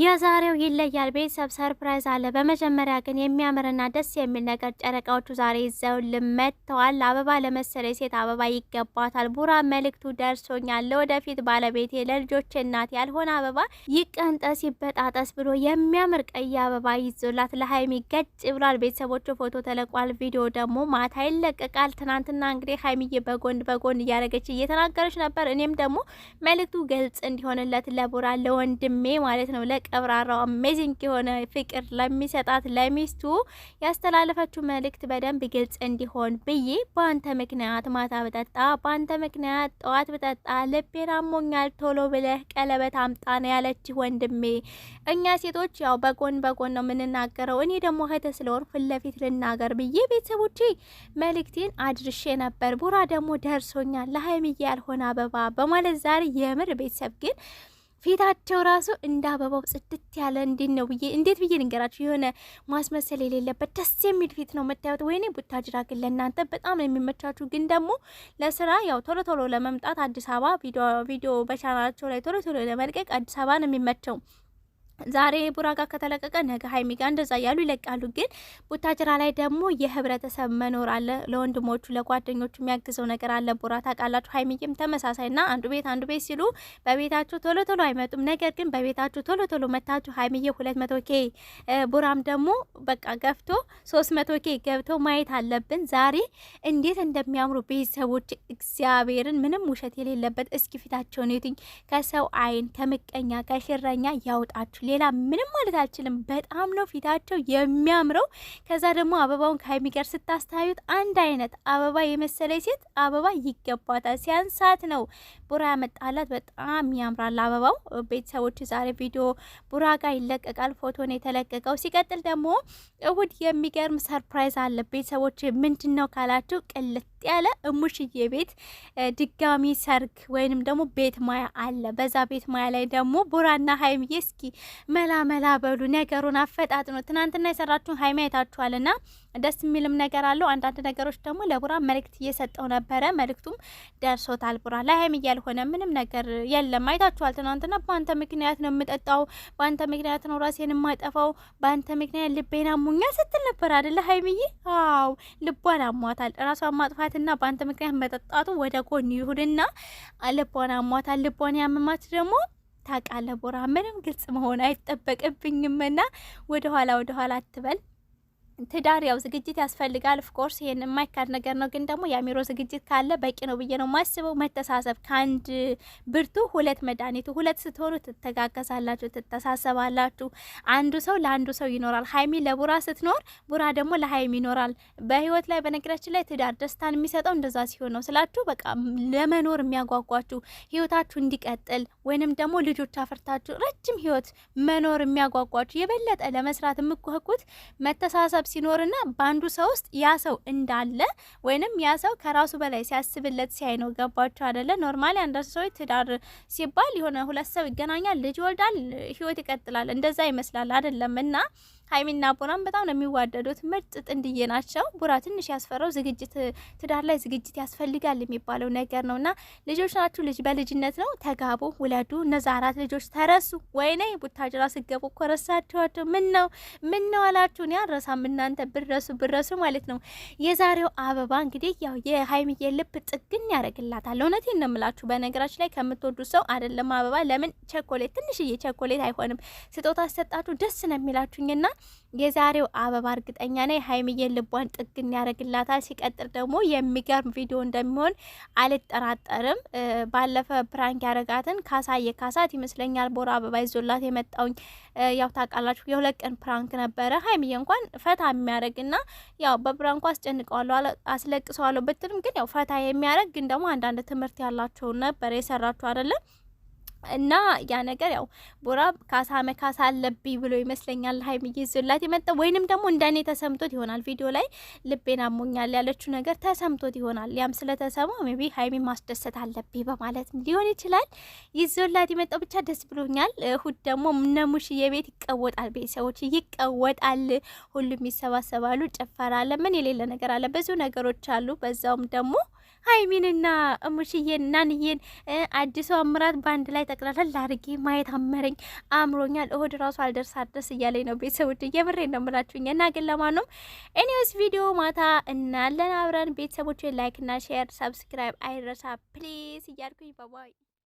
የዛሬው ይለያል። ቤተሰብ ሰርፕራይዝ አለ። በመጀመሪያ ግን የሚያምርና ደስ የሚል ነገር ጨረቃዎቹ ዛሬ ይዘው ልመጥተዋል። አበባ ለመሰለ ሴት አበባ ይገባታል። ቡራ መልእክቱ ደርሶኛል። ለወደፊት ባለቤቴ ለልጆች እናት ያልሆነ አበባ ይቀንጠስ ይበጣጠስ ብሎ የሚያምር ቀይ አበባ ይዞላት ለሀይሚ ገጭ ብሏል። ቤተሰቦቹ ፎቶ ተለቋል። ቪዲዮ ደግሞ ማታ ይለቀቃል። ትናንትና እንግዲህ ሀይሚዬ በጎን በጎን እያደረገች እየተናገረች ነበር። እኔም ደግሞ መልእክቱ ግልጽ እንዲሆንለት ለቡራ ለወንድሜ ማለት ነው ቀብራራው አሜዚንግ የሆነ ፍቅር ለሚሰጣት ለሚስቱ ያስተላለፈችው መልእክት በደንብ ግልጽ እንዲሆን ብዬ በአንተ ምክንያት ማታ ብጠጣ፣ በአንተ ምክንያት ጠዋት ብጠጣ ልቤን አሞኛል፣ ቶሎ ብለህ ቀለበት አምጣ ነው ያለች ወንድሜ። እኛ ሴቶች ያው በጎን በጎን ነው የምንናገረው። እኔ ደግሞ እህት ስለሆን ፊት ለፊት ልናገር ብዬ ቤተሰቦቼ መልእክቴን አድርሼ ነበር። ቡራ ደግሞ ደርሶኛል ለሀይምዬ ያልሆነ አበባ በማለት ዛሬ የምር ቤተሰብ ግን ፊታቸው ራሱ እንደ አበባው ጽድት ያለ እንዴት ነው ብዬ እንዴት ብዬ ንገራችሁ? የሆነ ማስመሰል የሌለበት ደስ የሚል ፊት ነው የምታዩት። ወይኔ ቡታጅራ ግን ለእናንተ በጣም ነው የሚመቻችሁ። ግን ደግሞ ለስራ ያው ቶሎ ቶሎ ለመምጣት አዲስ አበባ ቪዲዮ በቻናላቸው ላይ ቶሎ ቶሎ ለመልቀቅ አዲስ አበባ ነው የሚመቸው። ዛሬ ቡራ ጋር ከተለቀቀ ነገ ሀይሚ ጋር እንደዛ እያሉ ይለቃሉ። ግን ቡታጅራ ላይ ደግሞ የህብረተሰብ መኖር አለ። ለወንድሞቹ ለጓደኞቹ የሚያግዘው ነገር አለ። ቡራ ታውቃላችሁ፣ ሀይሚዬም ተመሳሳይ ና አንዱ ቤት አንዱ ቤት ሲሉ በቤታችሁ ቶሎ ቶሎ አይመጡም። ነገር ግን በቤታችሁ ቶሎ ቶሎ መታችሁ ሀይሚዬ ሁለት መቶ ኬ ቡራም ደግሞ በቃ ገፍቶ ሶስት መቶ ኬ ገብቶ ማየት አለብን። ዛሬ እንዴት እንደሚያምሩ ቤተሰቦች እግዚአብሔርን ምንም ውሸት የሌለበት እስኪ ፊታቸውን ከሰው አይን ከምቀኛ ከሽረኛ ያውጣችሁ። ሌላ ምንም ማለት አልችልም። በጣም ነው ፊታቸው የሚያምረው። ከዛ ደግሞ አበባውን ከሀይሚ ጋር ስታስተያዩት አንድ አይነት አበባ የመሰለ ሴት አበባ ይገባታል። ሲያንሳት ነው ቡራ ያመጣላት። በጣም ያምራል አበባው። ቤተሰቦች ዛሬ ቪዲዮ ቡራ ጋር ይለቀቃል። ፎቶ ነው የተለቀቀው። ሲቀጥል ደግሞ እሁድ የሚገርም ሰርፕራይዝ አለ ቤተሰቦች። ምንድን ነው ካላችሁ ቅልት ያለ እሙሽዬ ቤት ድጋሚ ሰርግ ወይንም ደግሞ ቤት ማያ አለ። በዛ ቤት ማያ ላይ ደግሞ ቡራና ሀይሚዬ እስኪ መላ መላ በሉ፣ ነገሩን አፈጣጥኑ። ትናንትና የሰራችሁን ሀይሚ ና ደስ የሚልም ነገር አለው። አንዳንድ ነገሮች ደግሞ ለቡራ መልእክት እየሰጠው ነበረ። መልእክቱም ደርሶታል። ቡራ ለሀይሚዬ ያልሆነ ምንም ነገር የለም። አይታችኋል። ትናንትና በአንተ ምክንያት ነው የምጠጣው፣ በአንተ ምክንያት ነው ራሴን የማጠፋው፣ በአንተ ምክንያት ልቤን አሞኛል ስትል ነበር አደለ ሀይሚዬ? አዎ ልቧን አሟታል። ራሷን ማጥፋት ምክንያትና በአንተ ምክንያት መጠጣቱ ወደ ጎን ይሁንና ልቧን አሟታል። ልቧን ያመማት ደግሞ ታቃለ ቦራ፣ ምንም ግልጽ መሆን አይጠበቅብኝምና ወደኋላ ወደኋላ አትበል። ትዳር ያው ዝግጅት ያስፈልጋል። ኦፍኮርስ ይሄን የማይካድ ነገር ነው። ግን ደግሞ የአሚሮ ዝግጅት ካለ በቂ ነው ብዬ ነው ማስበው። መተሳሰብ ከአንድ ብርቱ ሁለት መድኃኒቱ። ሁለት ስትሆኑ ትተጋገዛላችሁ፣ ትተሳሰባላችሁ። አንዱ ሰው ለአንዱ ሰው ይኖራል። ሀይሚ ለቡራ ስትኖር፣ ቡራ ደግሞ ለሀይሚ ይኖራል። በህይወት ላይ በነገራችን ላይ ትዳር ደስታን የሚሰጠው እንደዛ ሲሆን ነው ስላችሁ። በቃ ለመኖር የሚያጓጓችሁ ህይወታችሁ እንዲቀጥል ወይንም ደግሞ ልጆች አፍርታችሁ ረጅም ህይወት መኖር የሚያጓጓችሁ የበለጠ ለመስራት የምጓጉት መተሳሰብ ሲኖርና በአንዱ ሰው ውስጥ ያ ሰው እንዳለ ወይንም ያ ሰው ከራሱ በላይ ሲያስብለት ሲያይ ነው። ገባቸው አደለ? ኖርማሊ አንዳንድ ሰዎች ትዳር ሲባል የሆነ ሁለት ሰው ይገናኛል፣ ልጅ ይወልዳል፣ ህይወት ይቀጥላል። እንደዛ ይመስላል አደለም እና ሀይሚና ቡራም በጣም ነው የሚዋደዱት። ምርጥ ጥንድዬ ናቸው። ቡራ ትንሽ ያስፈራው ዝግጅት፣ ትዳር ላይ ዝግጅት ያስፈልጋል የሚባለው ነገር ነው እና ልጆች ናችሁ። ልጅ በልጅነት ነው። ተጋቡ፣ ውለዱ። እነዛ አራት ልጆች ተረሱ። ወይኔ ቡታጅራ ስገቡ እኮ ረሳችኋቸው። ምን ነው ምን ነው አላችሁን? ያረሳም እናንተ ብረሱ ብረሱ ማለት ነው። የዛሬው አበባ እንግዲህ ያው የሀይሚዬ ልብ ጥግን ያደርግላታል። እውነቴን ነው የምላችሁ። በነገራችን ላይ ከምትወዱት ሰው አይደለም አበባ ለምን ቸኮሌት፣ ትንሽዬ ቸኮሌት አይሆንም ስጦታ ሰጣችሁ ደስ ነው የሚላችሁኝና የዛሬው አበባ እርግጠኛ ነኝ ሀይሚዬን ልቧን ጥግን ያደርግላታል። ሲቀጥል ደግሞ የሚገርም ቪዲዮ እንደሚሆን አልጠራጠርም። ባለፈ ፕራንክ ያደረጋትን ካሳየ ካሳት ይመስለኛል ቦራ አበባ ይዞላት የመጣውኝ ያው ታውቃላችሁ፣ የሁለት ቀን ፕራንክ ነበረ። ሀይሚዬ እንኳን ፈታ የሚያደርግና ያው በፕራንኩ አስጨንቀዋለሁ አስለቅሰዋለሁ ብትልም ግን ያው ፈታ የሚያደርግ ግን ደግሞ አንዳንድ ትምህርት ያላቸውን ነበር የሰራችሁ አይደለም እና ያ ነገር ያው ቡራ ካሳ መካሳ አለብኝ ብሎ ይመስለኛል ሀይሚዬ ይዞላት የመጣ ወይንም ደግሞ እንደኔ ተሰምቶት ይሆናል። ቪዲዮ ላይ ልቤን አሞኛል ያለችው ነገር ተሰምቶት ይሆናል። ያም ስለተሰማ ሜቢ ሀይሚ ማስደሰት አለብኝ በማለት ሊሆን ይችላል ይዞላት የመጣው ብቻ ደስ ብሎኛል። እሁድ ደግሞ እነሙሽ የቤት ይቀወጣል፣ ቤተሰቦች ይቀወጣል፣ ሁሉም ይሰባሰባሉ፣ ጭፈራ አለ፣ ምን የሌለ ነገር አለ፣ ብዙ ነገሮች አሉ። በዛውም ደግሞ ሀይሚንና እሙሽዬን ናንዬን አዲሱ አምራት በአንድ ላይ ጠቅላላ ላርጌ ማየት አመረኝ፣ አምሮኛ እሁድ ራሱ አልደርስ አልደርስ እያለኝ ነው። ቤተሰቦች እየምሬ እንደምላችሁኝ እና ግን ለማንም እኔውስ ቪዲዮ ማታ እናለን አብረን ቤተሰቦች ላይክና ሼር ሰብስክራይብ አይረሳ ፕሊዝ እያልኩኝ በባይ